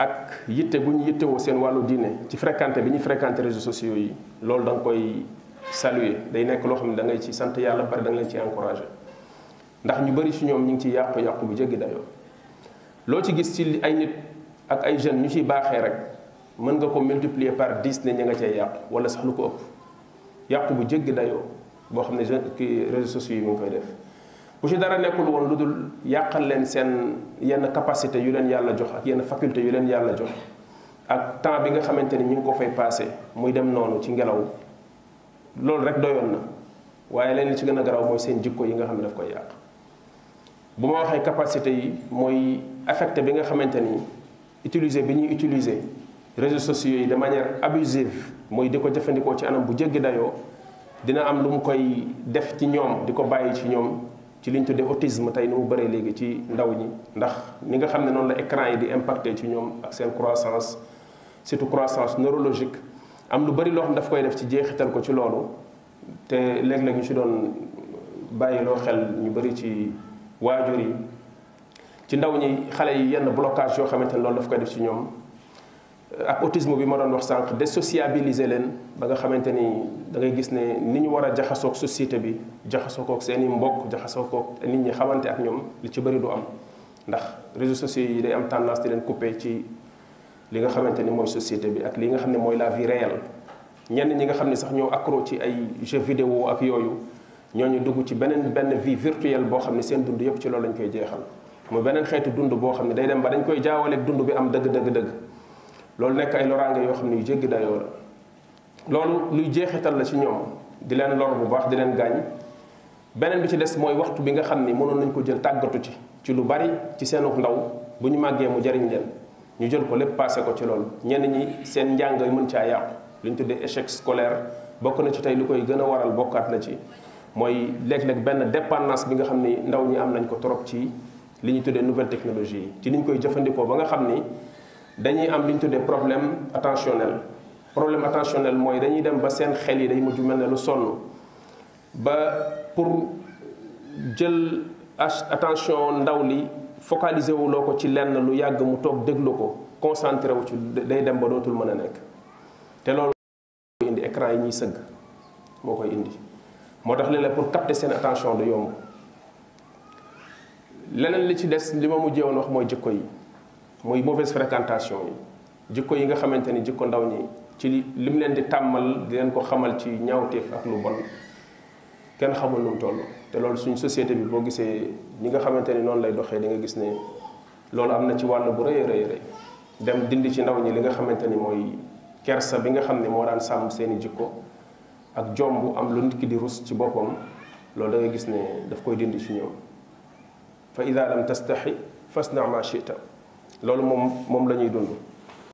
ak yitte bu ñu woo seen wàllu diine ci fréquenté bi ñu fréquenté réseaux sociaux yi loolu danga koy saluer day nekk loo xam ne da ngay ci sant yàlla pare da nga leen ci encouragé ndax ñu bëri si ñoom ñu ngi ci yàqu-yàqu bu jéggi dayoo loo ci gis ci ay nit ak ay jeunes ñu ciy baaxee rek mën nga ko multiplier par dis ne ña nga cee yàqu wala sax lu ko ëpp yàqu bu jéggi dayoo boo xam ne réseaux sociaux yi mu ngi koy def bu ci dara nekkul woon lu dul yàqal leen seen yenn capacité yu leen yàlla jox ak yenn faculté yu leen yàlla jox ak temps bi nga xamante ni ñu ngi ko fay passé muy dem noonu ci ngelaw loolu rek doyoon na waaye leen ci gën a garaw mooy seen jikko yi nga xam ne daf koy yàq bu ma waxee capacité yi mooy affecté bi nga xamante ni utiliser bi ñuy utiliser réseaux sociaux yi de manière abusive mooy di ko jëfandikoo ci anam bu jéggi dayoo dina am lu mu koy def ci ñoom di ko bàyyi ci ñoom ci liñ tuddee autisme tey ni mu bëree léegi ci ndaw ñi ndax ni nga xam ne noonu la écran yi di impacté ci ñoom ak seen croissance surtout croissance neurologique am lu bari loo xam daf koy def ci jeexital ko ci loolu te léeg-léeg ñu si doon bàyyiloo xel ñu bëri ci waajur yi ci ndaw ñi xale yi yenn blocage yoo xamante ne loolu daf koy def ci ñoom Euh, ak autisme bi ma doon wax sànq désociabiliser leen ba nga xamante ni dangay gis ne ni ñu war a jaxasoog société bi jaxasoo koog seen i mbokk jaxasoo koog nit ñi xamante ak ñoom li ci bëri du am ndax réseaux sociaux yi day am tendance di leen couper ci li nga xamante ni mooy société bi ak li nga xam ne mooy la vie réelle ñenn ñi nga xam ne sax ñoo accro ci ay jeux vidéo ak yooyu ñoo ñu dugg ci beneen benn vie virtuelle boo xam ne seen dund yëpp ci loolu lañ koy jeexal mu beneen xeetu dund boo xam ne day dem ba dañ koy jaawaleeg dund bi am dëgg-dëgg-dëgg loolu nekk ay loraange yoo xam ne yu jéggi dayoo la loolu luy jeexital la ci ñoom di leen lor bu baax di leen gaañ beneen bi ci des mooy waxtu bi nga xam ni mënoon nañ ko jël tàggatu ci ci lu bari ci seenu ndaw bu ñu màggee mu jariñ leen ñu jël ko lépp passé ko ci loolu ñenn ñi seen njàng mën caa yàqu li ñu tuddee échec scolaire bokk na ci tey lu koy gën a waral bokkaat na ci mooy léeg-léeg benn dépendance bi nga xam ni ndaw ñi am nañ ko trop ci li ñu tuddee nouvelle technologie yi ci ni ñu koy jëfandikoo ba nga xam ni dañuy am li ñu tuddee problème attentionnel problème attentionnel mooy dañuy dem ba seen xel yi day mujj mel ne lu sonn ba pour jël attention ndaw li focaliser wuloo ko ci lenn lu yàgg mu toog déglu ko concentré wu ci day dem ba dootul mën a nekk te loolu koy indi écran yi ñuy sëgg moo koy indi moo tax léeg-léeg pour capter seen attention du yomb leneen li ci des li ma mujjee woon wax mooy jëkko yi moy mauvaise fréquentation yi jikko yi nga xamanteni jikko ndaw ñi ci lim leen di tàmmal di leen ko xamal ci ñaawteef ak lu bon kenn xamul nu mu toll te loolu suñ société bi boo gisee ñi nga xamante ni noonu lay doxee di nga gis ne loolu am na ci wàll bu rëy rëy rëy dem dindi ci ndaw ñi li nga xamante ni mooy kersa bi nga xam ne moo daan sàmm seeni jikko ak jomb am lu nit ki di rus ci boppam loolu da nga gis ne daf koy dindi ci ñoom fa ida lam tastaxi fasna ma chita loolu moom moom la ñuy dund